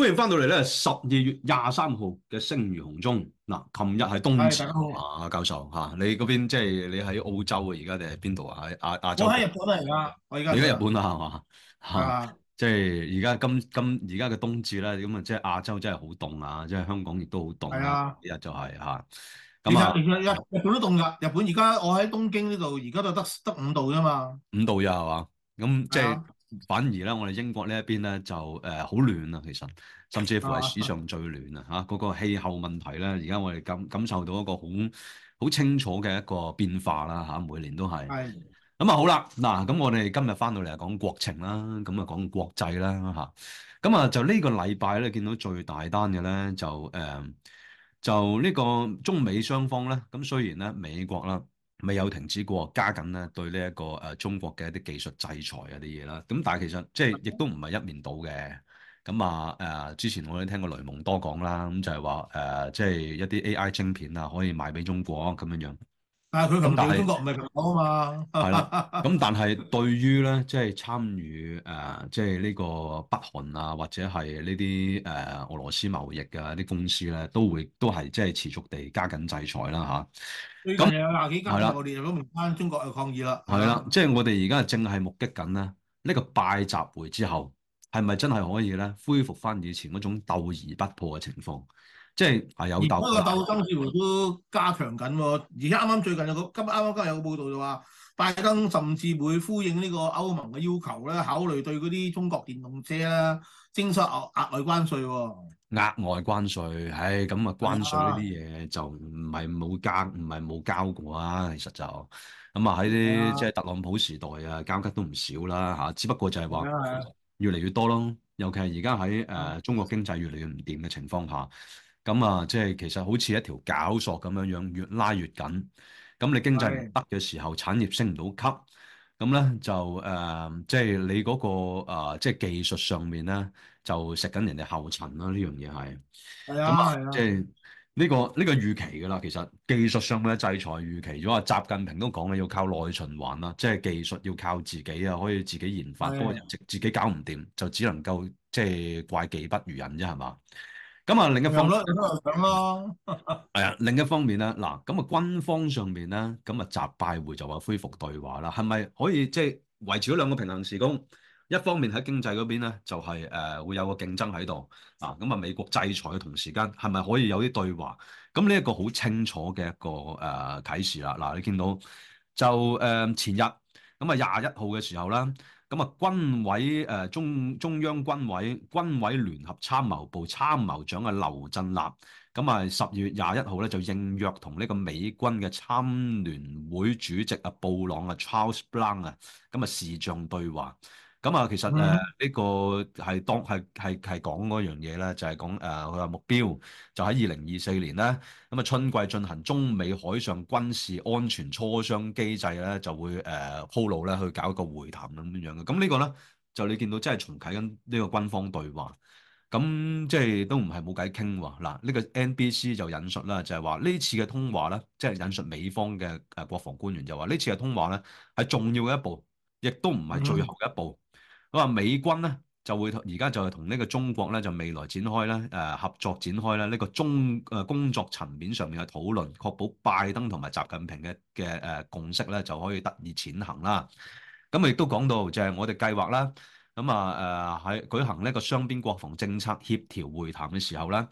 歡迎翻到嚟咧！十二月廿三號嘅《聲如洪鍾》嗱，琴、啊、日係冬至啊，教授嚇，你嗰邊即係你喺澳洲在在啊，而家定係邊度啊？喺亞亞洲。我喺的、就是啊、日本啊。而家而家。日本啦，係嘛？係啊，即係而家今今而家嘅冬至咧，咁啊，即係亞洲真係好凍啊，即係香港亦都好凍。係啊，今日就係嚇。其實日本都凍噶，日本而家我喺東京呢度，而家就得得五度啫嘛。五度呀，係嘛？咁即係反而咧，我哋英國呢一邊咧就誒好暖啊，其實。甚至乎係史上最亂啊！嚇、啊，嗰、那個氣候問題咧，而家我哋感感受到一個好好清楚嘅一個變化啦嚇，每年都係。咁啊是好啦，嗱咁我哋今日翻到嚟啊講國情啦，咁啊講國際啦嚇，咁啊就個呢個禮拜咧見到最大單嘅咧就誒、呃、就呢個中美雙方咧，咁雖然咧美國啦未有停止過加緊咧對呢、這、一個誒、呃、中國嘅一啲技術制裁啊啲嘢啦，咁但係其實即係亦都唔係一面倒嘅。咁啊，誒之前我都聽過雷蒙多講啦，咁就係話誒，即係一啲 A.I. 晶片啊，可以賣俾中國咁樣樣。但係佢咁大中國，唔係講啊嘛。係啦是，咁 但係對於咧，即係參與誒、呃，即係呢個北韓啊，或者係呢啲誒俄羅斯貿易嘅啲公司咧，都會都係即係持續地加緊制裁啦、啊、吓，咁有廿幾間，我哋都唔關中國嘅抗議啦。係啦，即係我哋而家正係目擊緊咧，呢個拜習會之後。係咪真係可以咧？恢復翻以前嗰種鬥而不破嘅情況，即係係有鬥。而嗰個鬥爭似乎都加強緊喎、啊。而啱啱最近有個剛剛今啱啱今日有個報道就話，拜登甚至會呼應呢個歐盟嘅要求咧，考慮對嗰啲中國電動車咧徵收額外、啊、額外關稅。額、哎、外關稅，唉，咁啊，關稅呢啲嘢就唔係冇加，唔係冇交過啊。其實就咁啊，喺啲即係特朗普時代啊，交得都唔少啦、啊、嚇。只不過就係話。越嚟越多咯，尤其係而家喺誒中國經濟越嚟越唔掂嘅情況下，咁啊即係其實好似一條絞索咁樣樣，越拉越緊。咁你經濟唔得嘅時候，的產業升唔到級，咁咧就誒、呃、即係你嗰、嗰個、呃、即係技術上面咧就食緊人哋後塵啦。呢樣嘢係，咁啊即係。呢、這個呢、這個預期噶啦，其實技術上面制裁預期，咗，果習近平都講咧，要靠內循環啦，即係技術要靠自己啊，可以自己研發，個直的自己搞唔掂，就只能夠即係怪技不如人啫，係嘛？咁啊，另一方面咁咯，係啊的， 另一方面啦，嗱，咁啊，軍方上面咧，咁啊，習拜會就話恢復對話啦，係咪可以即係維持咗兩個平衡時空。一方面喺經濟嗰邊咧，就係、是、誒、呃、會有個競爭喺度啊！咁啊，美國制裁嘅同時間，係咪可以有啲對話？咁呢一個好清楚嘅一個誒、呃、啟示啦！嗱，你見到就誒、呃、前日咁啊廿一號嘅時候啦，咁啊軍委誒中中央軍委軍委，軍委聯合參謀部參謀長啊劉振立，咁啊十月廿一號咧就應約同呢個美軍嘅參聯會主席啊布朗啊 Charles Brown 啊，咁啊視像對話。咁啊，嗯、其實誒、呃、這個、呢個係當係係係講嗰樣嘢咧，就係講誒佢話目標就喺二零二四年咧。咁啊，春季進行中美海上軍事安全磋商機制咧，就會誒、呃、鋪路咧，去搞一個會談咁樣嘅。咁呢個咧就你見到即係重啟緊呢個軍方對話。咁即係都唔係冇偈傾喎。嗱、啊，呢、這個 NBC 就引述啦，就係、是、話呢次嘅通話咧，即、就、係、是、引述美方嘅誒、呃、國防官員就話呢次嘅通話咧係重要嘅一步，亦都唔係最後一步。嗯佢話美軍咧就會而家就係同呢個中國咧就未來展開咧誒、呃、合作展開咧呢個中誒、呃、工作層面上面嘅討論，確保拜登同埋習近平嘅嘅誒共識咧就可以得以前行啦。咁亦都講到就係我哋計劃啦，咁啊誒喺舉行呢個雙邊國防政策協調會談嘅時候咧誒、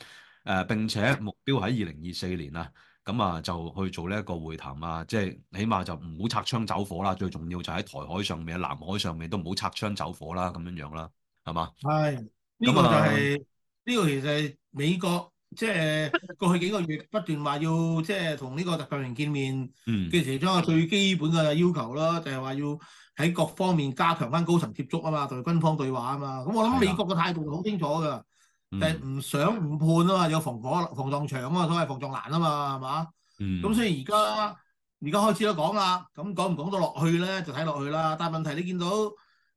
呃、並且目標喺二零二四年啊。咁啊，就去做呢一個會談啊，即係起碼就唔好拆槍走火啦。最重要就喺台海上面、南海上面都唔好拆槍走火啦，咁樣樣啦，係嘛？係，呢個就係呢個，其實美國即係過去幾個月不斷話要即係同呢個特朗普見面，嗯、其中一個最基本嘅要求啦，就係話要喺各方面加強返高層接觸啊嘛，同埋軍方對話啊嘛。咁我諗美國嘅態度好清楚㗎。就唔、嗯、想誤判啊嘛，有防火防撞牆啊嘛，所謂防撞欄啊嘛，係嘛、嗯？咁所以而家而家開始都講啦，咁講唔講到落去咧就睇落去啦。但係問題你見到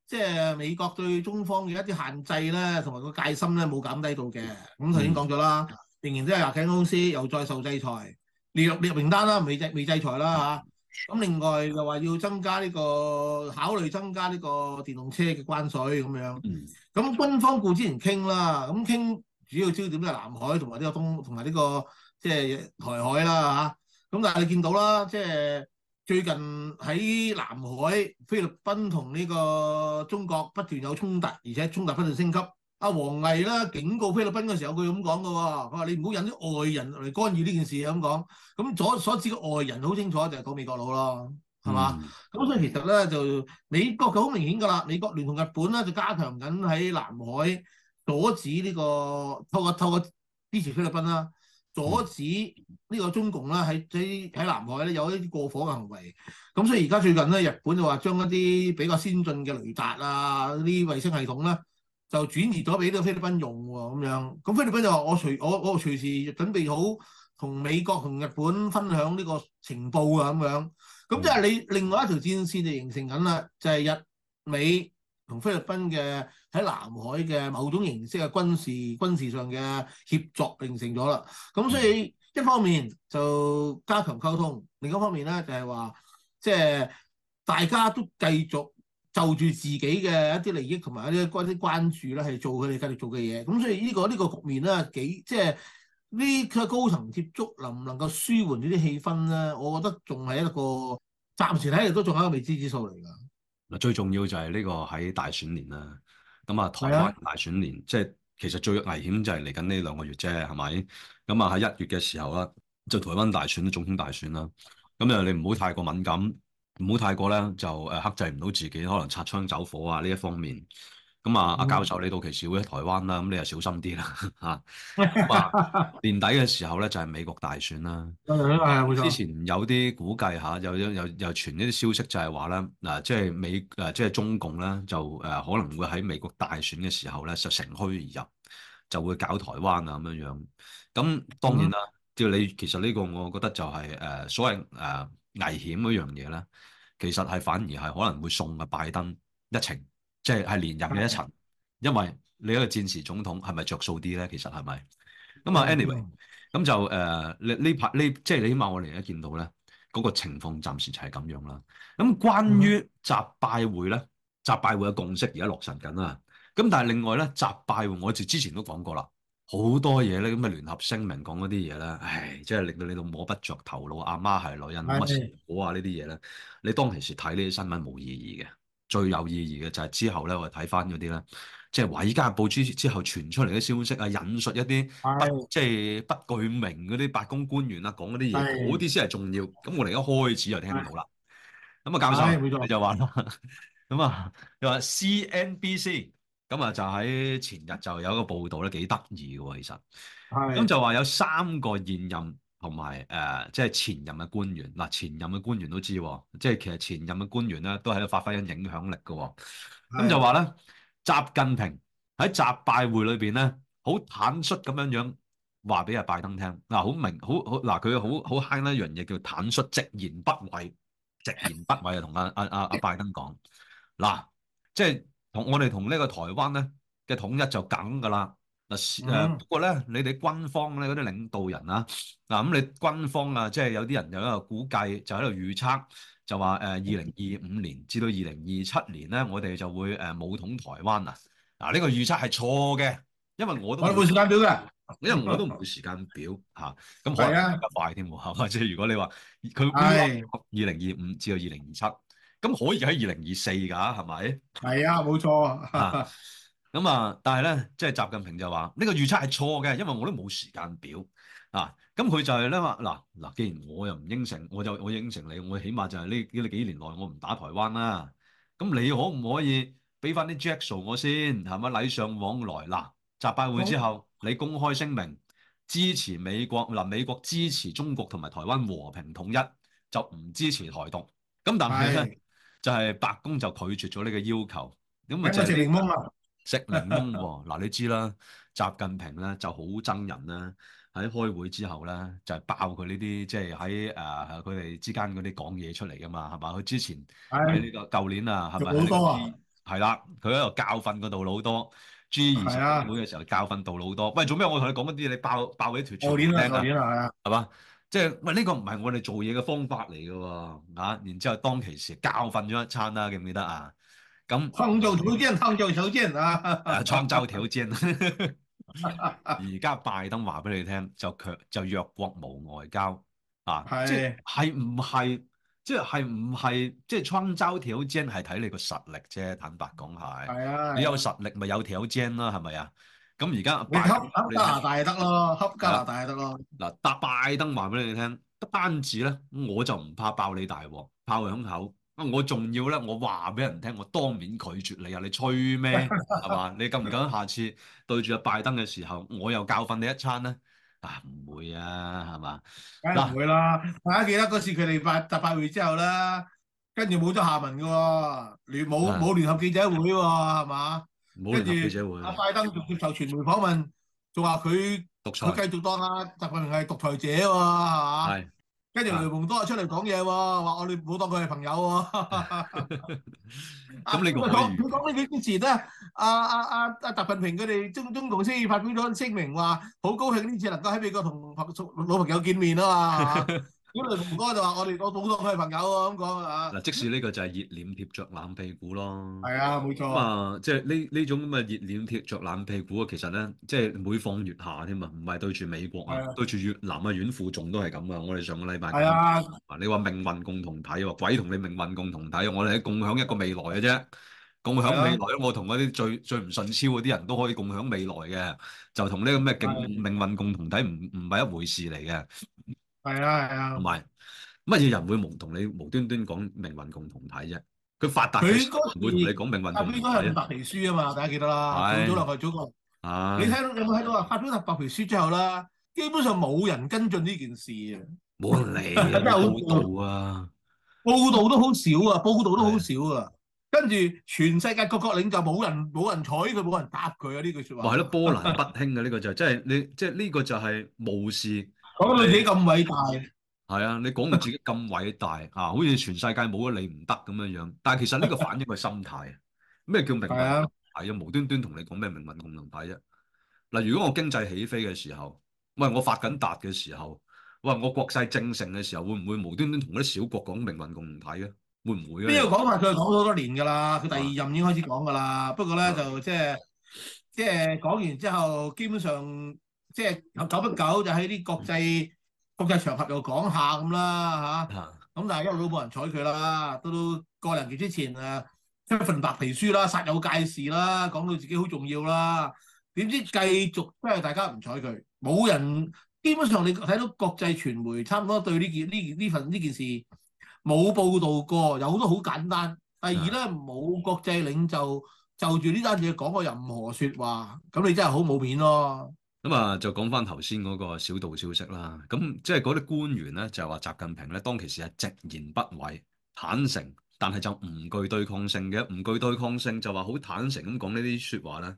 即係美國對中方嘅一啲限制咧，同埋個戒心咧冇減低到嘅。咁頭先講咗啦，嗯、仍然都係廿幾間公司又再受制裁，列入列入名單啦，未制未制裁啦嚇。嗯咁另外就話要增加呢個考慮，增加呢個電動車嘅關稅咁樣。嗯、咁軍方顧之前傾啦，咁傾主要焦點就南海同埋呢個東同埋呢個即係台海啦吓。咁但係你見到啦，即係最近喺南海菲律賓同呢個中國不斷有衝突，而且衝突不斷升級。阿王毅啦，警告菲律賓嘅時候、啊，佢咁講噶喎，佢話你唔好引啲外人嚟干預呢件事咁講。咁所所指嘅外人好清楚，就係講美國佬咯，係嘛？咁、嗯、所以其實咧就美國佢好明顯噶啦，美國聯同日本咧就加強緊喺南海阻止呢、呢個，透過透過支持菲律賓啦、啊，阻止呢個中共啦喺喺喺南海咧有一啲過火嘅行為。咁所以而家最近咧，日本就話將一啲比較先進嘅雷達啊，啲衛星系統咧。就轉移咗俾咗菲律賓用喎，咁樣，咁菲律賓就話我隨我我隨時準備好同美國同日本分享呢個情報啊，咁樣，咁即係你另外一條戰線就形成緊啦，就係日美同菲律賓嘅喺南海嘅某種形式嘅軍事軍事上嘅協作形成咗啦。咁所以一方面就加強溝通，另一方面咧就係話即係大家都繼續。就住自己嘅一啲利益同埋一啲關心關注咧，係做佢哋繼續做嘅嘢。咁所以呢個呢個局面咧，幾即係呢個高層接觸能唔能夠舒緩呢啲氣氛咧？我覺得仲係一個暫時睇嚟都仲係一個未知之數嚟㗎。嗱，最重要就係呢個喺大選年啦。咁啊，台灣大選年，即係的其實最危險就係嚟緊呢兩個月啫，係咪？咁啊喺一月嘅時候啦，就台灣大選、總統大選啦。咁啊你唔好太過敏感。唔好太過咧，就誒克、呃、制唔到自己，可能擦槍走火啊，呢一方面咁啊。阿教授，嗯、你到其時會喺台灣啦，咁你又小心啲啦嚇。呵呵 年底嘅時候咧，就係、是、美國大選啦、 啊。之前有啲估計嚇、啊，有有有傳呢啲消息就、啊啊，就係話咧嗱，即係美誒，即係中共咧，就誒可能會喺美國大選嘅時候咧，就乘虛而入，就會搞台灣啊咁樣樣。咁當然啦，叫你、嗯嗯、其實呢個我覺得就係誒所謂誒危險嗰樣嘢啦。其實係反而係可能會送個拜登一程，即係係連任嘅一程，嗯、因為你一個戰時總統係咪着數啲咧？其實係咪？咁啊，anyway，咁就誒，呢呢排呢，即係你起碼我哋而家見到咧，嗰、那個情況暫時就係咁樣啦。咁關於習拜會咧，習拜會嘅共識而家落實緊啦。咁但係另外咧，習拜會我哋之前都講過啦。好多嘢咧，咁咪聯合聲明講嗰啲嘢啦。唉，即係令到你度摸不着頭腦。阿媽係女人，乜事的好啊？呢啲嘢咧，你當其時睇呢啲新聞冇意義嘅，最有意義嘅就係之後咧，我哋睇翻嗰啲啦，即係《華爾街報》之之後傳出嚟嘅消息啊，引述一啲即係不具名嗰啲白宮官員啦，講嗰啲嘢，嗰啲先係重要。咁我哋而家開始就聽到啦。咁啊的，教授你就話啦，咁啊的，就話 CNBC。 咁啊，就喺前日就有一個報道咧，幾得意嘅喎，其實，咁就話有三個現任同埋誒，即係前任嘅官員，嗱，前任嘅官員都知，即係其實前任嘅官員咧，都喺度發揮緊影響力嘅喎，咁就話咧，習近平喺習拜會裏邊咧，好坦率咁樣樣話俾阿拜登聽，嗱，好明，好好，嗱，佢好好慳一樣嘢叫坦率直言不諱，直言不諱啊，同阿阿阿阿拜登講，嗱，即係。同我哋同呢個台灣咧嘅統一就梗噶啦嗱，誒、嗯、不過咧，你哋軍方咧嗰啲領導人啊，嗱咁你軍方啊，即、就、係、是、有啲人就喺度估計就就，就喺度預測，就話誒二零二五年至到二零二七年咧，我哋就會誒、呃、武統台灣啊，嗱、這、呢個預測係錯嘅，因為我都冇時間表嘅，表因為我都唔冇時間表嚇，咁快得快添喎，即係如果你話佢估二零二五至到二零二七。咁可以喺二零二四㗎，係咪？係啊，冇錯啊。咁 啊，但係咧，即係習近平就話呢、呢個預測係錯嘅，因為我都冇時間表啊。咁、嗯、佢就係咧話嗱嗱，既然我又唔應承，我就我應承你，我起碼就係呢呢幾年內我唔打台灣啦。咁、啊、你可唔可以俾翻啲著數我先係咪？禮尚往來嗱、啊，習拜會之後，好你公開聲明支持美國嗱，美國支持中國同埋台灣和平統一，就唔支持台獨。咁但係咧。就係白宮就拒絕咗呢個要求，咁咪啊食檸檬啊，食檸檬喎，嗱你知啦，習近平咧就好憎人啦，喺開會之後咧就係、是、爆佢呢啲，即係喺誒佢哋之間嗰啲講嘢出嚟噶嘛，係嘛？佢之前喺呢、哎呢個舊年啊，係咪好多係、啊、啦，佢喺度教訓個道路好多，G 二十會嘅時候、啊、教訓道路好多，喂做咩？我同你講一啲你爆爆起條長命啊，好吧？即係喂，呢、這個唔係我哋做嘢嘅方法嚟嘅喎，然之後當其時教訓咗一餐啦、啊，記唔記得啊？咁、嗯、創造條件，創造條件啊！創造條件。而家拜登話俾你聽，就強就弱國無外交啊！是即係係唔係？即係係唔係？即係創造條件係睇你個實力啫，坦白講係。係啊！你有實力咪有條件囉？係咪啊？是咁而家，拜你黑加拿大得咯，黑加拿大得咯。嗱的，搭拜登話俾你哋聽，不單止咧我就唔怕爆你大鑊，爆佢胸口。我仲要咧，我話俾人聽，我當面拒絕你啊！你吹咩係嘛？你敢唔敢下次對住阿拜登嘅時候，我又教訓你一餐咧？啊，唔會啊，係嘛？梗係唔會啦！大家記得嗰次佢哋搭拜會之後啦，跟住冇咗下文嘅喎、哦，冇冇的聯合記者會喎、哦，係嘛？跟住，阿拜登仲接受傳媒訪問，仲話佢，佢繼續當阿習近平係獨裁者喎，係。跟住雷蒙多又出嚟講嘢喎，話我哋唔好當佢係朋友喎。咁、啊嗯、你講，佢講呢幾件事咧，阿阿阿阿習近平佢哋中中共先至發表咗聲明，話好高興呢次能夠喺美國同老朋友見面啊嘛。唔該就話我哋個普通佢朋友喎，咁講啊。嗱，即使呢個就係熱臉貼着冷屁股咯。係啊，冇錯。咁、啊，即係呢呢種咁嘅熱臉貼着冷屁股啊，其實咧，即係每況月下每況愈下添啊。唔係對住美國啊，對住越南啊，阮富仲都係咁啊。我哋上個禮拜啊。你話命運共同體鬼同你命運共同體？我哋喺共享一個未來嘅啫，共享未來、啊、我同嗰啲最最唔順超嗰啲人都可以共享未來嘅，就同呢個咩命、啊、命運共同體唔唔係一回事嚟嘅。係啊係啊，同埋乜嘢人會無同你無端端講命運共同體啫？佢發達佢唔會同你講命運共同體，咁應該係白皮書啊嘛，大家記得啦。係。咗兩個祖國，你睇到有冇睇到啊？發表白皮書之後啦，基本上冇人跟進呢件事啊，冇人理啊，有咩好報道啊，報道都好少啊，報道都好少啊。跟住全世界各個領袖冇人冇人睬佢，冇人答佢啊！呢句說話。咪係咯，波瀾不興嘅呢個就真係你，即係呢個就係無視。講到你自己咁偉大，係 啊，你講到自己咁偉大啊，好似全世界冇咗你唔得咁樣樣。但係其實呢個反映個心態啊，咩 叫命運？係啊， 無端端同你講咩命運共同體啫。嗱，如果我經濟起飛嘅時候，喂，我發緊達嘅時候，喂，我國勢正盛嘅時候，會唔會無端端同啲小國講命運共同體啫？會唔會咧？呢個講法佢講咗好多年噶啦，佢第二任已經開始講噶啦。 不過咧就即係即係講完之後，基本上。即係久不久就喺啲國際國際場合度講下咁啦嚇，咁、啊、但係一路都冇人睬佢啦。到過年幾之前誒出、啊、份白皮書啦，殺有界事啦，煞有介事，講到自己好重要啦。點知繼續即係大家唔睬佢，冇人，基本上你睇到國際傳媒差唔多對呢件呢呢份呢件事冇報導過，有好多好簡單。第二咧冇的國際領袖，就住呢單嘢講過任何説話，咁你真係好冇面咯～咁啊，就講翻頭先嗰個小道消息啦。咁即係嗰啲官員咧，就話習近平咧當其時係直言不諱、坦誠，但係就唔具對抗性嘅，唔具對抗性就話好坦誠咁講呢啲説話咧。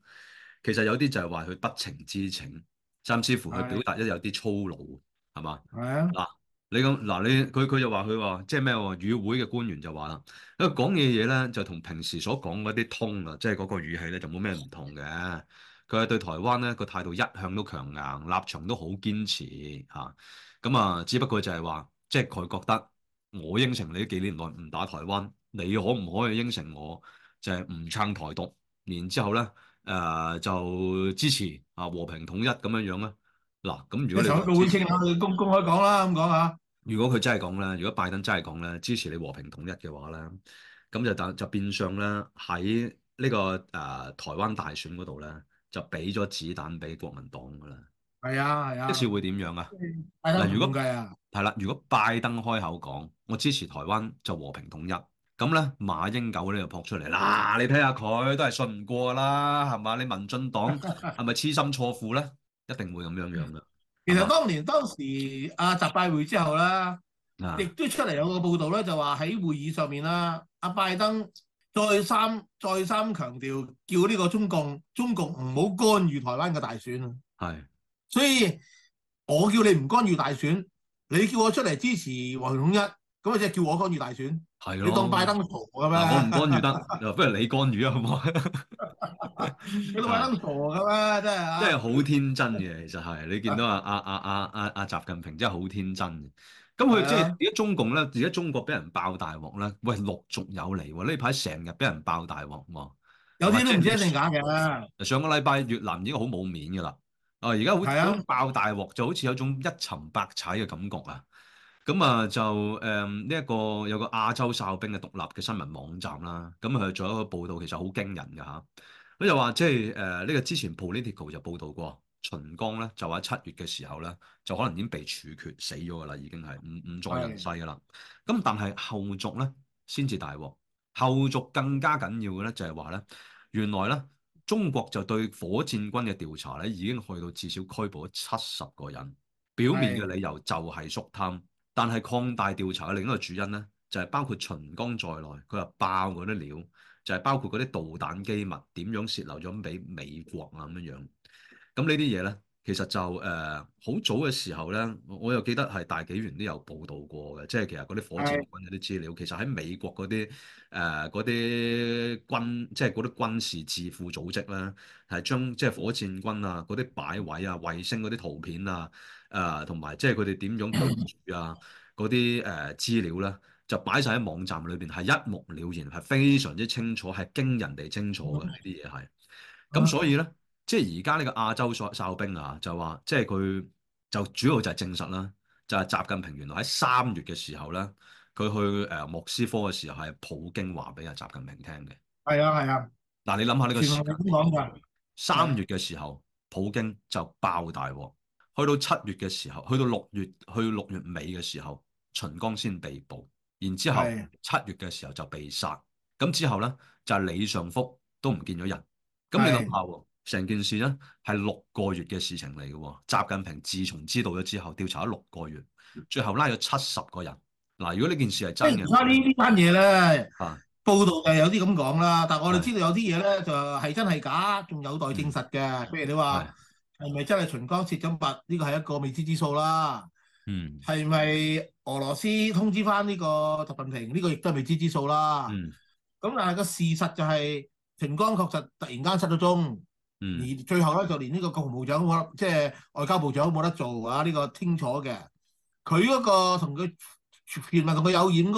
其實有啲就係話佢不情之請，甚至乎佢表達一有啲粗魯，係嘛？嗱，你咁嗱、啊，你佢佢就話佢話即係咩話？與會嘅官員就話啦，佢講嘢嘢咧就同平時所講嗰啲通啊，即係嗰個語氣咧就冇咩唔同嘅。佢係對台灣咧個態度一向都強硬，立場都好堅持嚇。咁啊，只不過就係話，即係佢覺得我應承你幾年內唔打台灣，你可唔可以應承我就係唔撐台獨？然之後咧，誒、呃、就支持啊和平統一咁樣樣啦。嗱、啊，咁、啊、如果你，你會清啦，公公開講啦，咁講嚇。如果佢真係講咧，如果拜登真係講咧，支持你和平統一嘅話咧，咁就等就變相咧喺呢、這個誒、啊、台灣大選嗰度咧。就俾咗子彈俾國民黨噶啦，係啊係啊，啊一次會點樣啊？嗱、啊，如果咁計啊，係啦，如果拜登開口講我支持台灣就和平統一，咁咧馬英九咧就撲出嚟啦、啊，你睇下佢都係信唔過啦，係嘛？你民進黨係咪痴心錯付咧？一定會咁樣樣噶。其實當年吧當時阿習拜會之後咧，亦都、啊、出嚟有個報道咧，就話喺會議上面啦，阿拜登。再三再三強調，叫呢個中共、中國唔好干預台灣嘅大選啊。係的，所以我叫你唔干預大選，你叫我出嚟支持和統一，咁啊即係叫我干預大選。係咯的，你當拜登傻咁咩？我唔干預得，不如你干預啊，好唔好？你 當 拜登傻咁咩？真係啊！真係好天真嘅，其實係的你見到阿阿阿阿阿習近平真係好天真嘅。咁佢即係而家中共咧，而家中國俾人爆大鑊咧，喂，陸續有嚟喎，啊，呢排成日俾人爆大鑊，有啲都唔知一定假嘅啦。上個禮拜越南已經好冇面噶啦，啊，而家好想爆大鑊，就好似有一種一沉百踩嘅感覺啊。咁啊就誒呢一個有一個亞洲哨兵嘅獨立嘅新聞網站啦，咁佢做一個報導，其實好驚人㗎吓。佢又話即係誒呢個之前 Politico 就報導過。秦剛咧就喺七月嘅時候咧，就可能已經被處決死咗噶啦，已經係唔唔再人世噶啦。咁的但係後續咧先至大鑊，後續更加緊要嘅咧就係話咧，原來咧中國就對火箭軍嘅調查咧已經去到至少拘捕咗七十個人，表面嘅理由就係肅貪，的但係擴大調查嘅另一個主因咧就係、是、包括秦剛在內，佢話爆嗰啲料就係、是、包括嗰啲導彈機密點樣洩漏咗俾美國啊咁樣樣。咁呢啲嘢咧，其實就誒好、呃、早嘅時候咧，我又記得係大紀元都有報道過嘅，即、就、係、是、其實嗰啲火箭軍嗰啲資料，的其實喺美國嗰啲誒啲軍，即係嗰啲軍事智庫組織咧，係將即係、就是、火箭軍啊嗰啲擺位啊、衛星嗰啲圖片啊，誒同埋即係佢哋點樣對住啊嗰啲誒資料咧，就擺晒喺網站裏邊係一目了然，係非常之清楚，係驚人哋清楚嘅呢啲嘢係。咁 所以咧。即係而家呢個亞洲哨哨兵啊，就話即係佢就主要就係證實啦，就係習近平原來喺三月嘅時候咧，佢去誒莫斯科嘅時候係普京話俾阿習近平聽嘅。係啊，係啊。嗱，你諗下呢個。全部都講過。三月嘅時候，的普京就爆大鑊。去到七月嘅時候，去到六月去六月尾嘅時候，秦剛先被捕，然之後七月嘅時候就被殺。咁之後咧就係李尚福都唔見咗人。咁你諗下喎？的的成件事咧係六個月嘅事情嚟嘅喎，習近平自從知道咗之後，調查咗六個月，最後拉咗七十個人。嗱，如果呢件事係真嘅，即係呢呢單嘢咧，啊、報道就有啲咁講啦。但係我哋知道有啲嘢咧就係真係假，仲有待證實嘅。譬、嗯、如你話係咪真係秦剛洩咗密？呢、這個係一個未知之數啦。嗯，係咪俄羅斯通知翻呢個習近平？呢、這個亦都係未知之數啦。嗯，咁但係個事實就係、是、秦剛確實突然間失咗蹤。而、嗯、最後咧，就連呢個國防部長冇，即、就、係、是、外交部長都冇得做啊！呢、這個清楚嘅，佢嗰個同佢，原來同佢有染嗰、那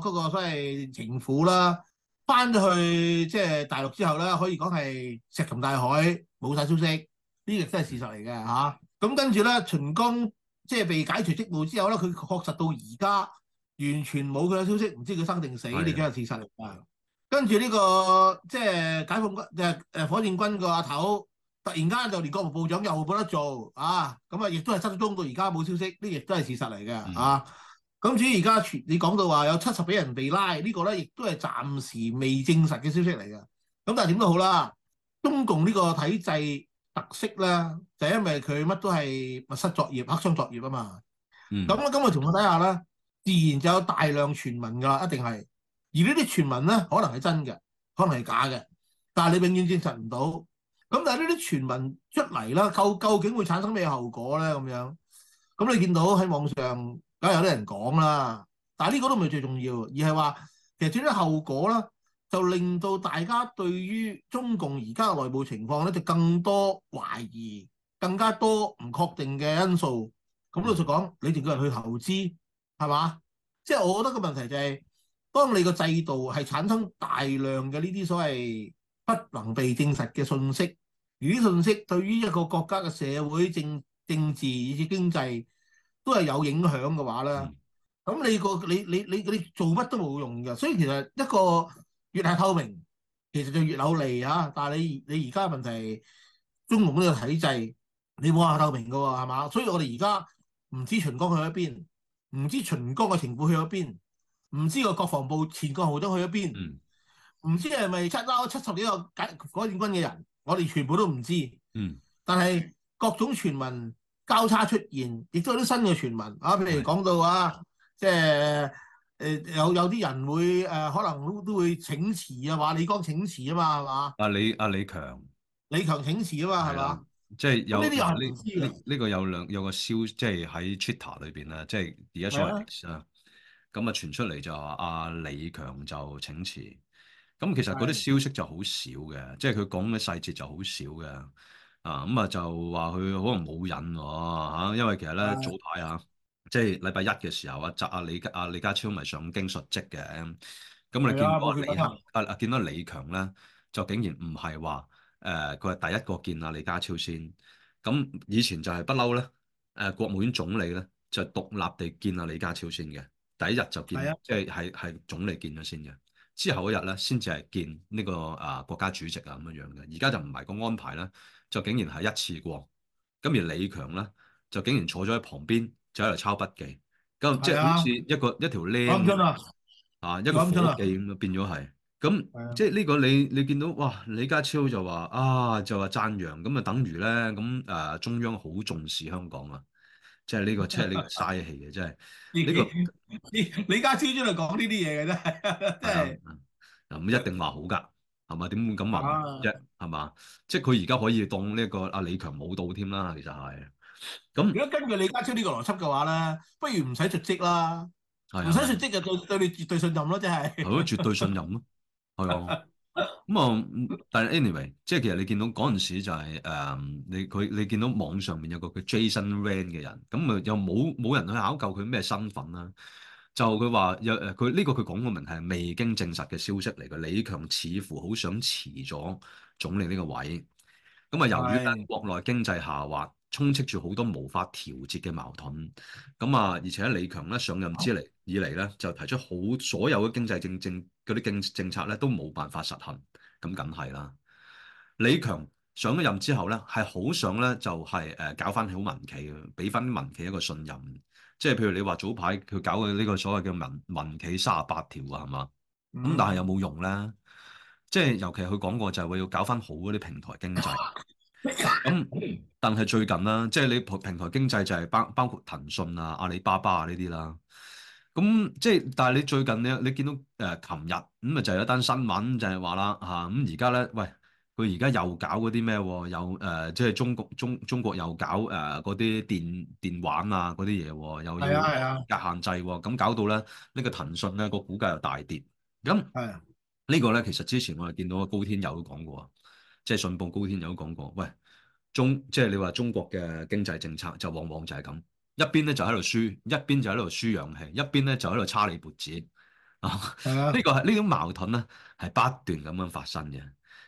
個嗰、那個所謂情婦啦，翻咗去即係大陸之後咧，可以講係石沉大海，冇晒消息，呢亦真係事實嚟嘅嚇。咁、啊、跟住咧，秦剛即係被解除職務之後咧，佢確實到而家完全冇佢嘅消息，唔知佢生定死呢啲都係事實嚟嘅。跟住呢、這個即係解放軍嘅誒火箭軍個阿頭，突然間就連國防部長又冇得做啊！咁啊，亦都係失蹤到而家冇消息，呢亦都係事實嚟嘅啊！咁至於而家傳你講到話有七十幾人被拉，這個、呢個咧亦都係暫時未證實嘅消息嚟嘅。咁但係點都好啦，中共呢個體制特色咧，就是、因為佢乜都係密室作業、黑箱作業啊嘛。咁喺咁嘅情況底下咧，自然就有大量傳聞㗎，一定係。而呢啲傳聞咧，可能係真嘅，可能係假嘅，但係你永遠證實唔到。咁但係呢啲傳聞出嚟啦，究究竟會產生咩後果咧？咁樣，咁、嗯、你見到喺網上梗係有啲人講啦。但係呢個都唔係最重要，而係話其實呢啲後果咧，就令到大家對於中共而家嘅內部情況咧，就更多懷疑，更加多唔確定嘅因素。咁老實講，你哋叫人去投資係嘛？即係、就是、我覺得個問題就係、是。當你個制度係產生大量嘅呢啲所謂不能被證實嘅信息，而啲信息對於一個國家嘅社會、政政治以至經濟都係有影響嘅話咧，咁你個你你你你做乜都冇用㗎。所以其實一個越係透明，其實就越有利吓。但係你你而家問題，中共呢個體制你冇話透明㗎喎，係嘛？所以我哋而家唔知秦剛去咗邊，唔知秦剛嘅情婦去咗邊。唔知個國防部前個號都去咗邊？唔知係咪七撈七十幾個解放軍嘅人，我哋全部都唔知。嗯，但係各種傳聞交叉出現，亦都有啲新嘅傳聞啊。譬如講到是的 啊，即係誒、呃、有有啲人會誒、呃、可能都都會請辭啊，話李剛請辭啊嘛，係嘛？阿李阿李強，李強請辭啊嘛，係嘛？即係、就是、有呢啲有呢？呢、啊這個有兩有個消息，即、就、係、是、喺 Twitter 裏邊啦，即、就、係、是。咁啊傳出嚟就話阿李強就請辭，咁其實嗰啲消息就好少嘅，的即係佢講嘅細節就好少嘅，啊咁啊就話佢可能冇癮喎，因為其實咧的早排啊，即係禮拜一嘅時候，阿澤阿李阿李，李家超咪上京述職嘅，咁你哋見到李，的李啊啊見到李強咧，就竟然唔係話誒佢係第一個見阿李家超先，咁以前就係不嬲咧，誒國務院總理咧就是、獨立地見阿李家超先嘅。第一日就見，即係喺喺總理見咗先嘅。之後嗰日咧，先至係見呢個啊國家主席啊咁樣樣嘅。而家就唔係個安排啦，就竟然係一次過。咁而李強咧，就竟然坐咗喺旁邊，就喺度抄筆記。咁即係好似一個的一條僆啊，一個筆記咁變咗係。咁即係呢個你你見到哇？李家超就話啊，就話讚揚咁啊，就等於咧咁啊，中央好重視香港啊。即係呢個，即係呢個嘥氣嘅，真係呢個李家超出嚟講呢啲嘢嘅，真係真唔一定話好噶，係咪？點會咁問即係嘛？即係佢而家可以當呢個阿李強冇到添啦，其實係。咁、嗯、如果根據李家超呢個邏輯嘅話咧，不如唔使述職啦，唔使述職就對你絕對信任咯，即係。係咯、啊，絕對信任咯，係 啊。咁啊、嗯，但係 anyway，即係其實你見到嗰陣時就係、是、誒、呃，你佢你見到網上面有個叫 Jason Ran 嘅人，咁啊又冇冇人去考究佢咩身份啦、啊，就佢話有誒，佢呢、這個佢講個名係未經證實嘅消息嚟嘅，李強似乎好想辭咗總理呢個位，咁啊由於國內經濟下滑。充斥住好多無法調節嘅矛盾，咁啊，而且、啊、李強咧上任之嚟，以嚟咧就提出好所有嘅經濟政政啲政政策咧都冇辦法實行，咁梗係啦。李強上咗任之後咧，係好想咧就係、是、誒搞翻好民企嘅，俾翻民企一個信任。即係譬如你話早排佢搞嘅呢個所謂嘅民民企三十八條啊，係嘛？咁但係有冇用咧？即係尤其佢講過就係要搞翻好嗰啲平台經濟。 咁，但係最近啦，即係你平台經濟就係包包括騰訊啊、阿里巴巴啊呢啲啦。咁即係，但係你最近你你見到誒，琴日咁啊，就有、是、一單新聞就係話啦，嚇咁而家咧，喂，佢而家又搞嗰啲咩？又誒、呃，即係中國中中國又搞誒嗰啲電電玩啊嗰啲嘢，有係啊係啊，格限制，咁、啊啊、搞到咧呢、這個騰訊咧個股價又大跌。咁係、啊、呢個咧，其實之前我哋見到高天佑都講過，即係信報高天佑都講過，喂。中即係你話中國嘅經濟政策就往往就係咁，一邊咧就喺度輸，一邊就喺度輸氧氣，一邊咧就喺度叉你脖子啊！呢個係呢種矛盾咧係不斷咁樣發生嘅。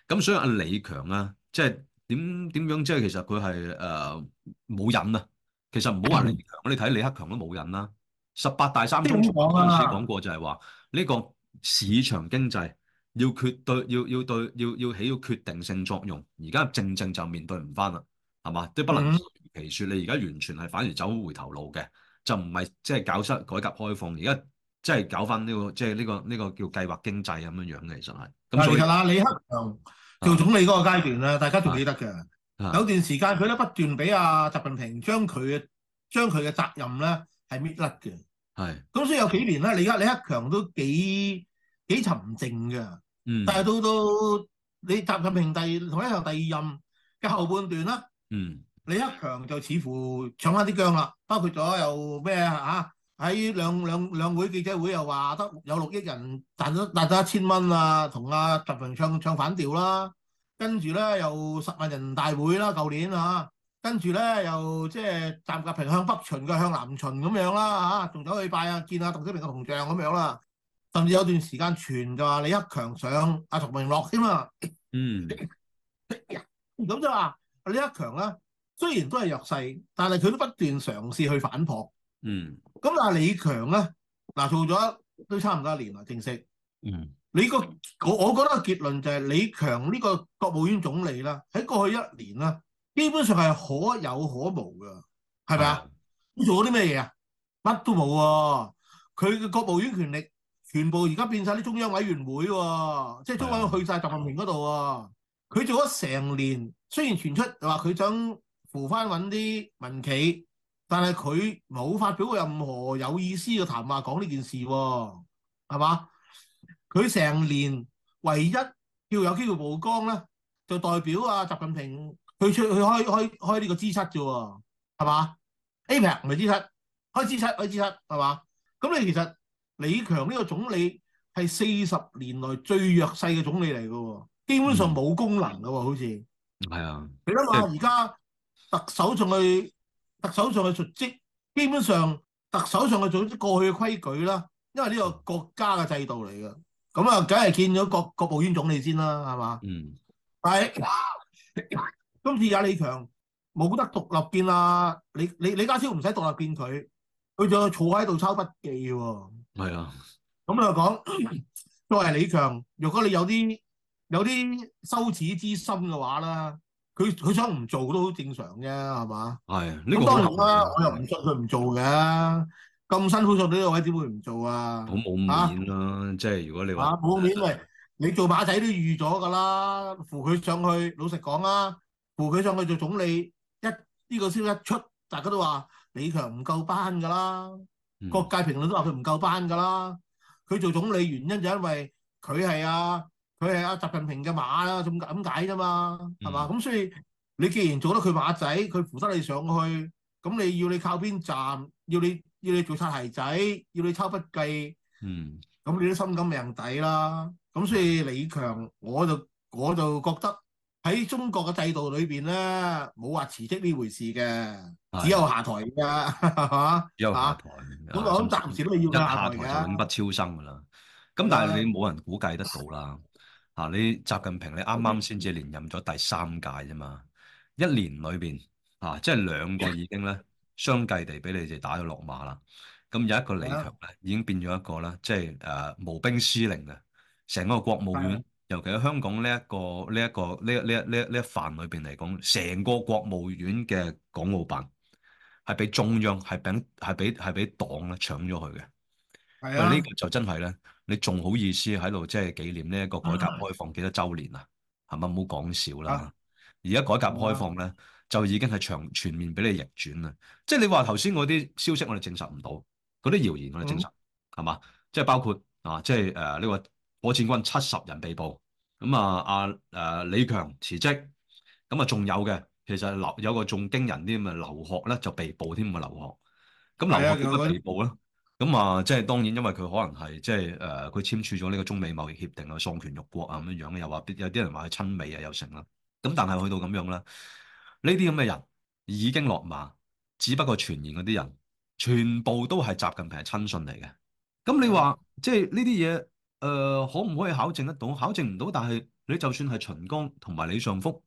咁所以阿李強啊，即係點點樣？即係其實佢係誒冇癮啊！其實唔好話李強，我哋睇李克強都冇癮啦。十八大三中全會講過就係話呢個市場經濟。要決對，要要對，要要起到決定性作用。而家正正就面對唔翻啦，係嘛？都不能譬如說，你而家完全係反而走回頭路嘅，就唔係即係搞失改革開放。而家即係搞翻、呢個、呢個即係呢個呢、呢個叫計劃經濟咁樣樣嘅，其實係咁。其實啦，李克強做總理嗰個階段啦，的大家仲記得嘅。有段時間佢咧不斷俾阿習近平將佢將佢嘅責任咧係搣甩嘅，係咁的，所以有幾年咧，李克李克強都幾幾沉靜嘅。嗯，但係到到你習近平第同一任第二任嘅後半段啦，嗯，李克強就似乎搶翻啲薑啦，包括咗又咩啊？喺兩兩兩會記者會又話得有六億人賺咗賺咗一千蚊啊，同阿習近平唱唱反調啦，跟住咧又十萬人大會啦，舊年啊，跟住咧又即係習近平向北巡嘅向南巡咁樣啦，啊，啊，仲走去拜見啊見阿鄧小平嘅銅像咁樣啦。甚至有段時間傳就話李克強上阿同文樂添啊，嗯，咁即係話李克強咧，雖然都係弱勢，但係佢都不斷嘗試去反撲，嗯，咁但係李強咧嗱做咗都差唔多一年啦，正式，嗯，你個我我覺得結論就係、係、李強呢個國務院總理啦，喺過去一年啦，基本上係可有可無嘅，係咪、嗯、啊？做咗啲咩嘢啊？乜都冇喎，佢嘅國務院權力。全部而家變晒啲中央委員會喎、啊，即係中央去晒習近平嗰度喎。佢做咗成年，雖然傳出話佢想扶翻揾啲民企，但係佢冇發表過任何有意思嘅談話講呢件事喎、啊，係嘛？佢成年唯一要有機會曝光咧，就代表啊習近平去出去開開開呢個 G7 啫喎，係嘛？APEC 唔係 G7，開 G7 開 G7 係嘛？咁你其實李強呢個總理係四十年來最弱勢嘅總理嚟嘅、哦，基本上冇功能嘅、哦，好似係啊。你諗下，而 家樂特首上去，特首上去述職，基本上特首上去做啲過去嘅規矩啦。因為呢個國家嘅制度嚟嘅，咁啊，梗係見咗各各部院總理先啦，係嘛？嗯， 但係今次阿李強冇得獨立見啦。李李李家超唔使獨立見佢，佢仲要坐喺度抄筆記嘅、哦。係啊，咁你又講，都係李強，如果你有啲有啲羞恥之心嘅話啦，佢佢想唔做都好正常嘅，係嘛？係，咁當然啦，我又唔信佢唔做嘅，咁辛苦坐呢個位，點會唔做啊？好冇面啊，即係如果你話冇面咪，你做馬仔都預咗噶啦，扶佢上去，老實講啦，扶佢上去做總理，一呢個消息一出，大家都話李強唔夠班噶啦。各界評論都話佢唔夠班㗎啦，佢做總理原因就因為佢係啊，佢係啊，習近平嘅馬啦，咁解啫嘛，係嘛、嗯？咁所以你既然做得佢馬仔，佢扶得你上去，咁你要你靠邊站？要你要你做擦鞋仔？要你抄筆記？嗯，咁你都心甘命抵啦。咁所以李強，我就我就覺得。喺中國嘅制度裏邊咧，冇話辭職呢回事嘅，的只有下台噶，係嘛？ 啊，咁我諗暫時都要下台，嗯、一下台就永不超生噶啦。咁的但係你冇人估計得到啦。的啊，你習近平你啱啱先至連任咗第三屆啫嘛，一年裏邊啊，即、就、係、是、兩個已經咧，相繼地俾你哋打咗落馬啦。咁有一個李強咧，的已經變咗一個啦，即係誒、呃、無兵司令嘅，成個國務院尤其喺香港呢一個呢一個呢呢呢呢一範裏邊嚟講，成個國務院嘅港澳辦係俾中央係俾係俾係俾黨咧搶咗佢嘅。係啊，呢個就真係咧，你仲好意思喺度即係紀念呢一個改革開放幾多周年啊？係咪唔好講笑啦？啊、而家改革開放咧，啊、就已經係長全面俾你逆轉啦！即、就、係、是、你話頭先嗰啲消息我，我哋證實唔到，嗰啲謠言我哋證實係嘛？即係、嗯、吧包括啊，即係誒呢個。火箭軍七十人被捕，咁、嗯、啊，阿、啊、誒李強辭職，咁、嗯、啊，仲有嘅，其實留有個仲驚人啲咁啊，劉鶴咧就被捕添咁啊，劉鶴咁劉鶴點解被捕咧？咁啊的，即係當然，因為佢可能係即係誒，佢、呃、簽署咗呢個中美貿易協定啊，喪權辱國啊咁樣樣，又話有啲人話佢親美啊，又成啦。咁但係去到咁樣啦，呢啲咁嘅人已經落馬，只不過傳言嗰啲人全部都係習近平親信嚟嘅。咁你話即係呢啲嘢？誒、呃，可唔可以考證得到？考證唔到，但係你就算係秦剛同埋李尚福，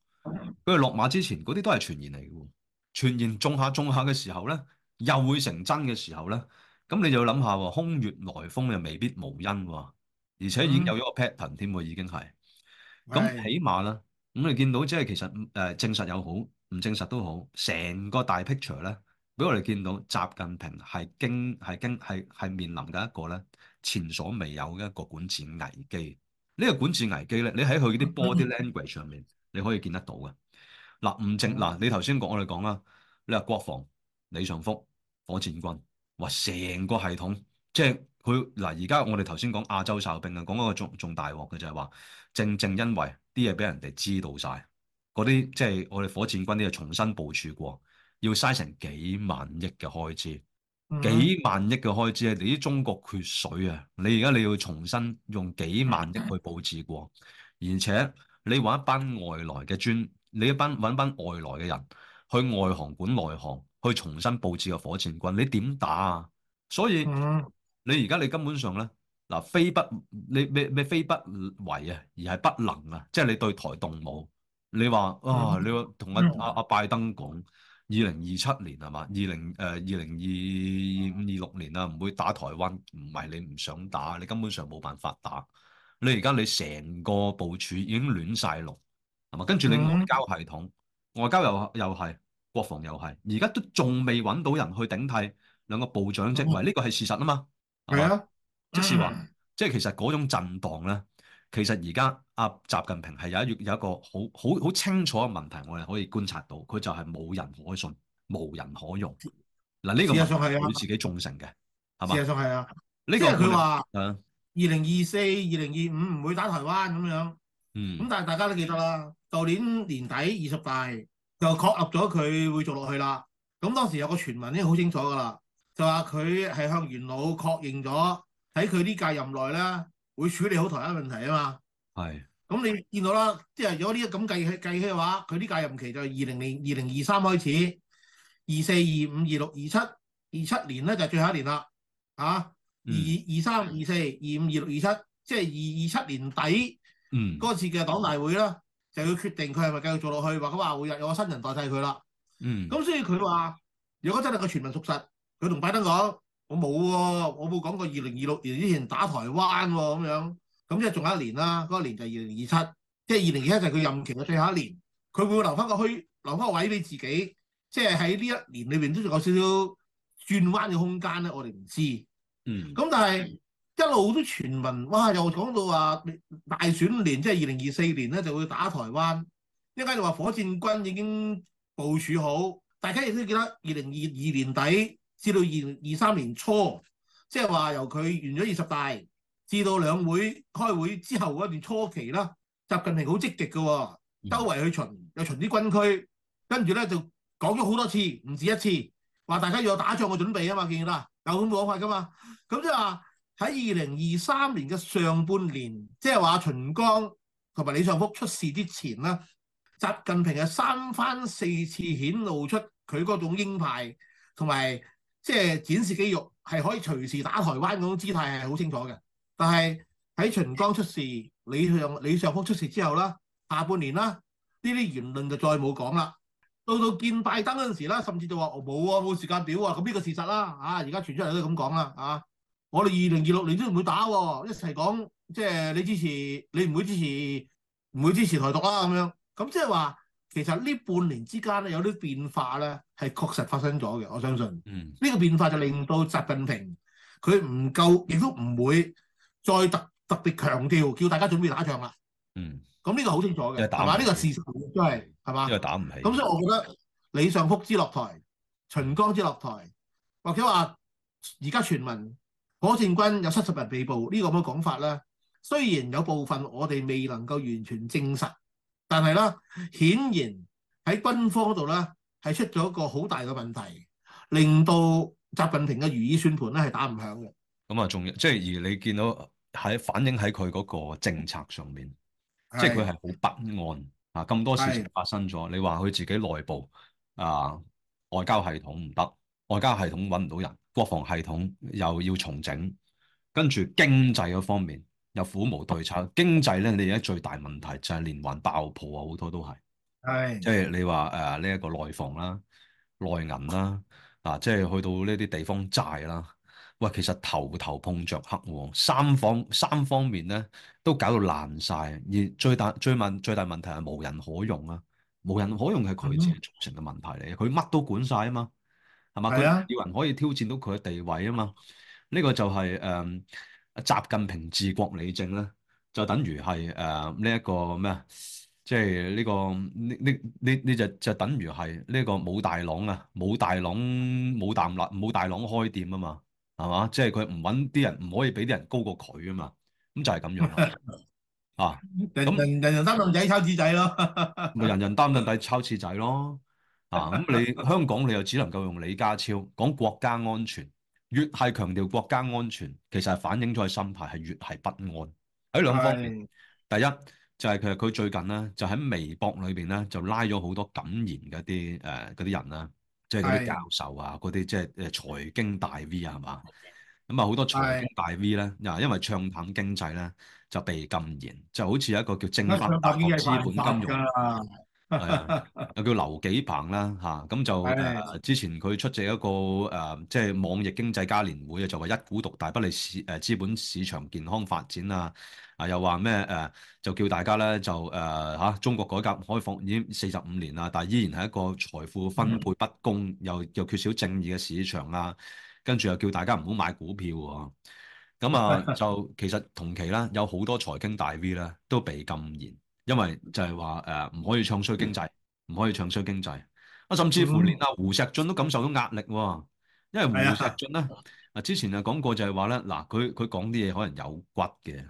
佢哋落馬之前嗰啲都係傳言嚟嘅，傳言種下種下嘅時候咧，又會成真嘅時候咧，咁你就要諗下喎，空穴來風又未必無因，而且已經有咗個 pattern 添，已經係，咁、嗯、起碼啦，咁你見到即係其實誒證實又好，唔證實都好，成個大 picture 咧，俾我哋見到習近平係經係經係係面臨嘅一個咧。前所未有嘅一個管治危機，呢、這個管治危機咧，你喺佢啲 body language 上面，你可以見得到嘅。嗱、啊，吳正。嗱、啊，你頭先講我哋講啦，你話國防李尚福火箭軍話成個系統，即係佢嗱，而、啊、家我哋頭先講亞洲哨兵啊，講一個仲仲大鑊嘅就係話，正正因為啲嘢俾人哋知道晒。嗰啲即係我哋火箭軍呢，嘢重新部署過，要嘥成幾萬億嘅開支。幾萬億嘅開支啊！你啲中國缺水啊！你而家你要重新用幾萬億去布置過，而且你揾一班外來嘅專，你一班揾班外來嘅人去外行管內行，去重新布置個火箭軍，你點打啊？所以你而家你根本上咧，嗱非不你咩咩非不為啊，而係不能啊，即係你對台動武，你話啊，你話同阿阿阿拜登講。二零二七年係嘛？二零誒二零二五二六年啊，唔會打台灣，唔係你唔想打，你根本上冇辦法打。你而家你成個部署已經亂晒龍係嘛？跟住你外交系統，外交又又係國防又係，而家都仲未揾到人去頂替兩個部長職位，呢個係事實啊嘛。係啊、嗯，即是話，即係其實嗰種震盪咧。其實而家阿習近平係有一有一個好好好清楚嘅問題，我哋可以觀察到，佢就係冇人可信，無人可用。嗱，呢個事實上係啊，佢自己重臣嘅係嘛？事實上係啊，呢個佢話二零二四、二零二五唔會打台灣咁樣。嗯。咁但係大家都記得啦，舊年年底二十大就確立咗佢會做落去啦。咁當時有個傳聞已經好清楚㗎啦，就話佢係向元老確認咗喺佢呢屆任內咧。會處理好台灣問題啊嘛，係是。咁你見到啦，即係如果呢個咁計，計起計嘅話，佢呢屆任期就係二零年、二零二三開始，二四、二五、二六、二七、二七年咧就係、最後一年啦，嚇、啊。二二三、二四、二五、二六、二七，即係二二七年底嗰、嗯、次嘅黨大會啦，就要決定佢係咪繼續做落去，或者話會有個新人代替佢啦。嗯。咁所以佢話，如果真係個全民屬實，佢同拜登講。啊、我冇我冇講過二零二六年之前打台灣喎，啊，咁樣咁即係仲有一年啦，啊，嗰一年就係二零二七，即係二零二七就係佢任期嘅最後一年，佢會唔會留翻個虛留翻個位俾自己，即係喺呢一年裏邊都仲有少少轉彎嘅空間咧，我哋唔知。嗯，咁但係一路都傳聞，哇，又講到話大選年，即係二零二四年咧就會打台灣，一間就話火箭軍已經部署好，大家亦都記得二零二二年底。至到二零二三年初，即係話由佢完咗二十大，至到兩會開會之後嗰段初期啦，習近平好積極嘅喎，周圍去巡，又巡啲軍區，跟住咧就講咗好多次，唔止一次，話大家要有打仗嘅準備啊嘛，見唔見到？有咁講法噶嘛？咁即係話喺二零二三年嘅上半年，即係話秦剛同埋李尚福出事之前咧，習近平係三番四次顯露出佢嗰種鷹派同埋。即係展示肌肉，係可以隨時打台灣嗰種姿態係好清楚嘅。但係喺秦剛出事，李尚李尚福出事之後啦，下半年啦，呢啲言論就再冇講啦。到到見拜登嗰陣時啦，甚至就話冇啊，冇時間表啊。咁呢個事實啦、啊，啊而家傳出嚟都咁講啦，啊我哋二零二六年都唔會打喎、啊，一齊講即係你支持，你唔會支持，唔會支持台獨啦、啊、咁樣，咁即係話。其實呢半年之間咧有啲變化咧係確實發生咗嘅，我相信。嗯，呢個變化就令到習近平佢唔夠，亦都唔會再特特別強調叫大家準備打仗啦。嗯，咁呢個好清楚嘅，係嘛？呢、呢個事實都係係嘛？呢個打唔起。咁所以我覺得李尚福之落台、秦剛之落台，或者話而家傳聞火箭軍有七十人被捕、呢個、呢個咁嘅講法咧，雖然有部分我哋未能夠完全證實。但係咧，顯然喺軍方嗰度咧，係出咗個好大嘅問題，令到習近平嘅如意算盤咧係打唔響嘅。咁啊，仲要即係而你見到喺反映喺佢嗰個政策上面，是即係佢係好不安啊！咁多事情發生咗，是你話佢自己內部啊，外交系統唔得，外交系統揾唔到人，國防系統又要重整，跟住經濟嗰方面。有苦無對策，經濟咧，你而家最大問題就係連環爆破啊！好多都係，係即係你話誒呢一個內房啦、內銀啦，嗱即係去到呢啲地方債啦，喂，其實頭頭碰着黑王、啊，三方三方面咧都搞到爛晒。而最大最問最大問題係無人可用啊！無人可用係佢自己造成嘅問題嚟嘅，佢乜的都管晒啊嘛，係嘛？佢有的人可以挑戰到佢嘅地位啊嘛，呢、這個就係、是、誒。呃啊，習近平治國理政咧，就等於係誒呢一個咩啊？即係呢、呢個呢呢呢呢就就等於係呢個武大郎啊！武大郎冇啖力，武大郎開店啊嘛，係嘛？即係佢唔揾啲人，唔可以俾啲人高過佢啊嘛。咁就係咁樣 啊！咁人那人人擔凳仔抄紙仔咯，咪人人擔凳底抄紙仔咯啊！咁你香港你又只能夠用李家超講國家安全。越係強調國家安全，其實係反映咗佢心態係越係不安喺兩方面。的第一就係其實佢最近咧，就喺微博裏邊咧就拉咗好多敢言嘅啲誒嗰啲人啦，即係嗰啲教授啊，嗰啲即係誒財經大 V 啊，係嘛？咁啊好多財經大 V 咧，嗱的因為暢談經濟咧就被禁言，就好似一個叫政法大學資本金融。係、uh, 啊，又叫劉紀鵬啦，吓咁就誒，之前佢出席一個誒，即、啊、係、就是、網易經濟嘉年會啊，就話一股獨大不利市誒、啊，資本市場健康發展啊，又啊又話咩誒，就叫大家咧就誒吓、啊，中國改革開放已經四十五年啦，但係依然係一個財富分配不公，嗯、又又缺少正義嘅市場啊，跟住又叫大家唔好買股票喎，咁啊，啊就其實同期啦，有好多財經大 V 咧都被禁言。因為就係話誒唔可以唱衰經濟，唔可以唱衰經濟啊，甚至乎連阿、啊、胡錫進都感受到壓力、啊，因為胡錫進咧啊之前啊講過就係話咧嗱，佢佢講啲嘢，可能有骨嘅。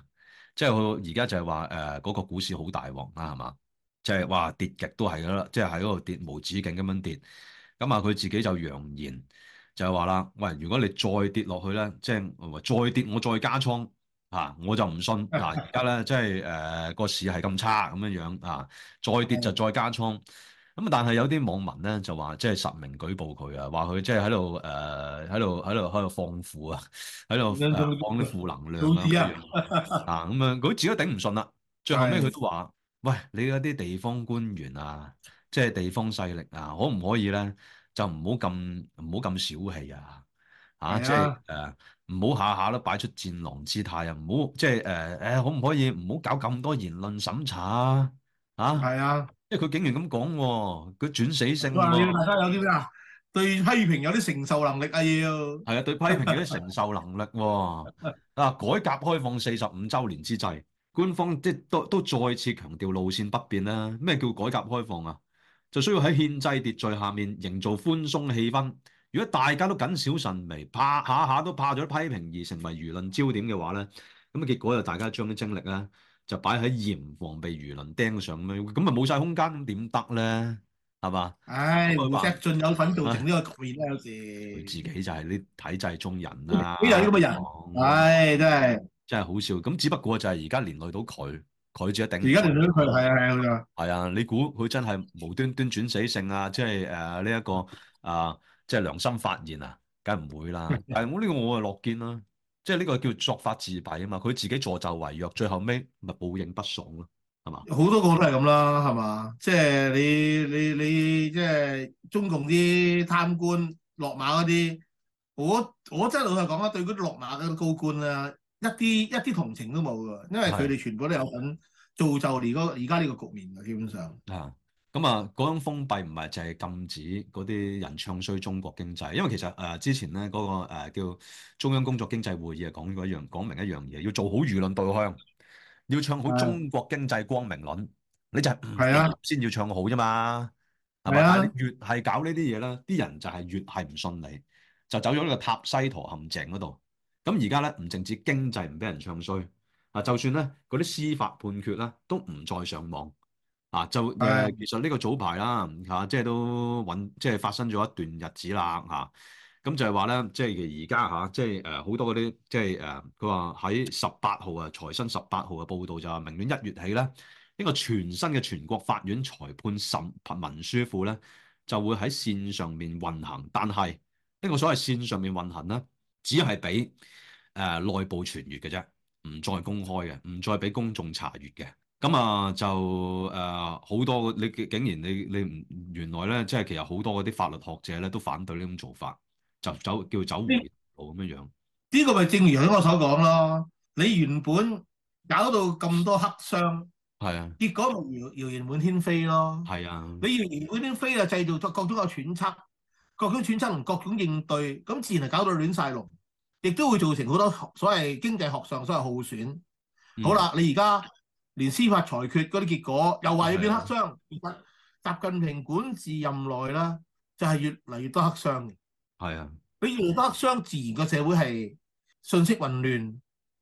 即係佢而家就係話誒嗰個股市好大鑊啦，係嘛，就係、是、話跌極都係噶啦，即係喺嗰度跌無止境咁樣跌，咁啊佢自己就揚言就係話啦，喂，如果你再跌落去咧，即係話再跌我再加倉。啊！ 我就唔信嗱，而家咧即係誒個市係咁差咁樣樣啊，再跌就再加倉。咁啊， 但係有啲網民咧就話，即係實名舉報佢啊，話佢即係喺度誒，喺度喺度喺度放負啊，喺度講啲負能量、嗯、啊。啊咁樣，佢自己都頂唔順啦。最後屘佢 都話，喂，你嗰啲地方官員啊，即、就、係、是、地方勢力啊，可唔可以咧，就唔好咁唔好咁小氣啊？啊，即係誒。就是 唔好下下咯，都擺出戰狼姿態啊！唔好即係誒誒，可唔可以唔好搞咁多言論審查啊？啊，係啊，因為佢竟然咁講喎，佢轉死性喎。大家有啲咩啊？對批評有啲承受能力啊！要係啊，對批評有啲承受能力啊， 啊改革開放四十五週年之際，官方即係都都再次強調路線不變啦，啊。咩叫改革開放啊？就需要喺憲制秩序下面營造寬鬆氣氛。如果大家都謹小慎微，怕下下都怕咗批評而成為輿論焦點嘅話咧，咁啊結果就大家將啲精力咧就擺喺嚴防被輿論釘上咁樣，咁咪冇晒空間，咁點得咧？係嘛？唉，進有份造成呢個局面咧，有時佢自己就係啲體制中人啦，呢啲咁嘅人，唉，真係真係好笑。咁只不過就係而家連累到佢，佢只一定。而家連累到佢，係啊係啊，係啊！你估佢真係無端端轉死性啊？即係誒呢一個啊～即係良心發現啊，梗唔會啦。 但係我呢個我係樂見啦，即係呢個叫作法自斃啊嘛。佢自己助紂為虐，最後尾咪報應不爽咯，係嘛？好多個都係咁啦，係嘛？即係你你你即係中共啲貪官落馬嗰啲，我我真係老實講啊，對嗰啲落馬嗰啲高官咧，一啲一啲同情都冇㗎，因為佢哋全部都有份造就你而家呢個局面嘅，基本上啊。咁啊，嗰種封閉唔係淨係禁止嗰啲人唱衰中國經濟，因為其實誒、呃、之前咧嗰、嗰個、呃、叫中央工作經濟會議啊，講過一樣講明一樣嘢，要做好輿論導向，要唱好中國經濟光明論，的你就係唔係先要唱好啫嘛，係咪啊？越係搞呢啲嘢咧，啲人就係越係唔信你，就走咗呢個塔西陀陷阱嗰度。咁而家咧唔淨止經濟唔俾人唱衰啊，就算咧嗰啲司法判決啦都唔再上網。啊，就誒、呃，其實呢個早排啦，嚇、啊，即係都揾，即係發生咗一段日子啦，嚇、啊。咁就係話咧，即係而家嚇，即係誒好多嗰啲，即係誒，佢話喺十八號啊，財新十八號嘅報道就係明年一月起咧，呢、呢個全新嘅全國法院裁判審文書庫咧，就會喺線上面運行。但係呢個所謂線上面運行咧，只係俾誒內部傳閱嘅啫，唔再公開嘅，唔再俾公眾查閲嘅。咁啊就誒好、呃、多，你竟然你你唔原來咧，即係其實好多嗰啲法律學者咧都反對呢種做法，就走叫走回路咁樣樣。呢個咪正如我所講咯，你原本搞到咁多黑箱，係啊，結果謠謠言滿天飛咯，係啊，你謠言滿天飛啊，製造各種嘅揣測，各種揣測同各種應對，咁自然係搞到亂晒龍，亦都會造成好多所謂經濟學上所謂耗損。嗯、好啦，你而家。連司法裁決嗰啲結果又話要變黑箱，的其實習近平管治任內啦，就係、是、越嚟越多黑箱嘅。係啊的，你越多黑箱，自然個社會係信息混亂，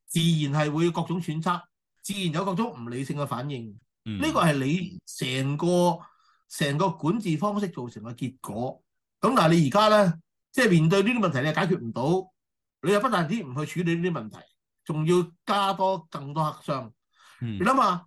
自然係會各種揣測，自然有各種唔理性嘅反應。呢、嗯、個係你成個成個管治方式造成嘅結果。咁但係你而家咧，即係面對呢啲問題你解決唔到，你又不但止唔去處理呢啲問題，仲要加多更多黑箱。你諗下，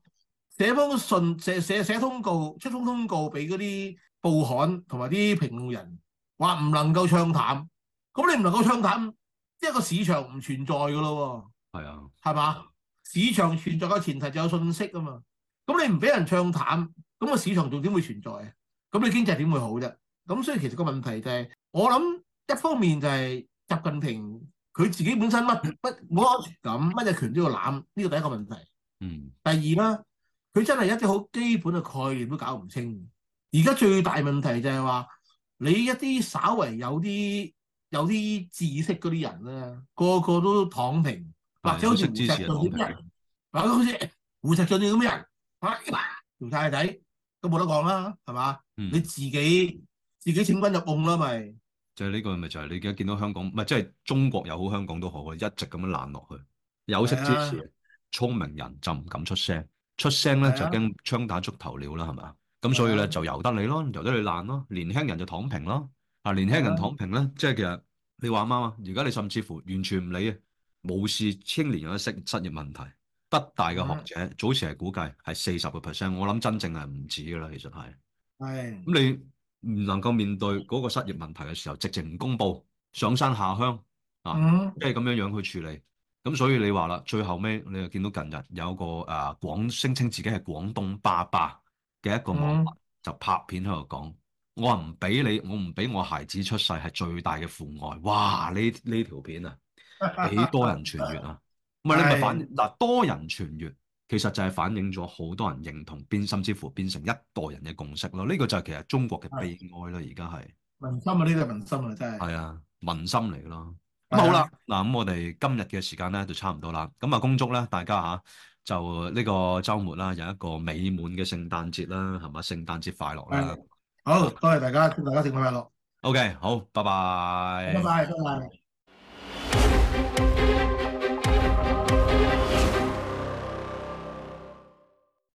寫封信，寫寫寫通告，出封通告俾嗰啲報刊同埋啲評論人，話唔能夠暢談。咁你唔能夠暢談，即係個市場唔存在噶咯。係啊的，係嘛？市場存在嘅前提就有信息噶嘛。咁你唔俾人暢談，咁個市場仲點會存在啊？咁你經濟點會好啫？咁所以其實個問題就係、是，我諗一方面就係習近平佢自己本身乜冇安全感，乜嘢權都要攬，呢個第一個問題。嗯，第二咧，佢真係一啲好基本嘅概念都搞唔清。而家最大問題就係話，你一啲稍為有啲有啲知識嗰啲人咧，個個都躺平，的或者好似胡錫進咁嘅人，或者好似胡錫進咁嘅人，嘩、啊，做太子都冇得講啦，係嘛？嗯、你自己自己請君入甕啦，咪、嗯、就係呢個咪就係、是、你而家見到香港，唔係即係中國又好，香港都好，一直咁樣爛落去，有識支持。聰明人就唔敢出聲，出聲咧、啊、就驚槍打出頭鳥啦，係嘛？咁所以咧、啊、就由得你咯，由得你爛咯。年輕人就躺平咯。啊，年輕人躺平咧，啊、即係其實你話啱啊。而家你甚至乎完全唔理啊，無視青年有嘅失失業問題。北大嘅學者、啊、早前係估計係四十個 percent，我諗真正係唔止噶啦，其實係。係。咁你唔能夠面對嗰個失業問題嘅時候，直情公布上山下鄉啊，即係咁樣樣去處理。咁所以你話啦，最後尾你又見到近日有個誒廣聲稱自己係廣東爸爸嘅一個網民，就拍片喺度講：我唔俾你，我唔俾我孩子出世係最大嘅父愛。哇！呢呢條片啊，幾多人傳閱啊？唔係你咪反嗱多人傳閱，其實就係反映咗好多人認同，變甚至乎變成一代人嘅共識咯。呢個就係其實中國嘅悲哀咯，而家係民心啊！呢個係民心啊，真係係啊，民心嚟嘅咯。咁好啦，嗱咁我哋今日嘅時間咧就差唔多啦。咁啊，恭祝咧大家嚇就呢個週末啦，有一個美滿嘅聖誕節啦，係咪？聖誕節快樂啦！好，多謝大家，祝大家聖誕快樂。OK，好，拜拜，拜拜。拜拜，拜拜。